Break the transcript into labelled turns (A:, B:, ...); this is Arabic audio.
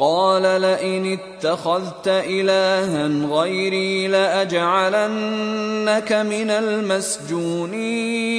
A: قال لئن اتخذت إلها غيري لأجعلنك من المسجونين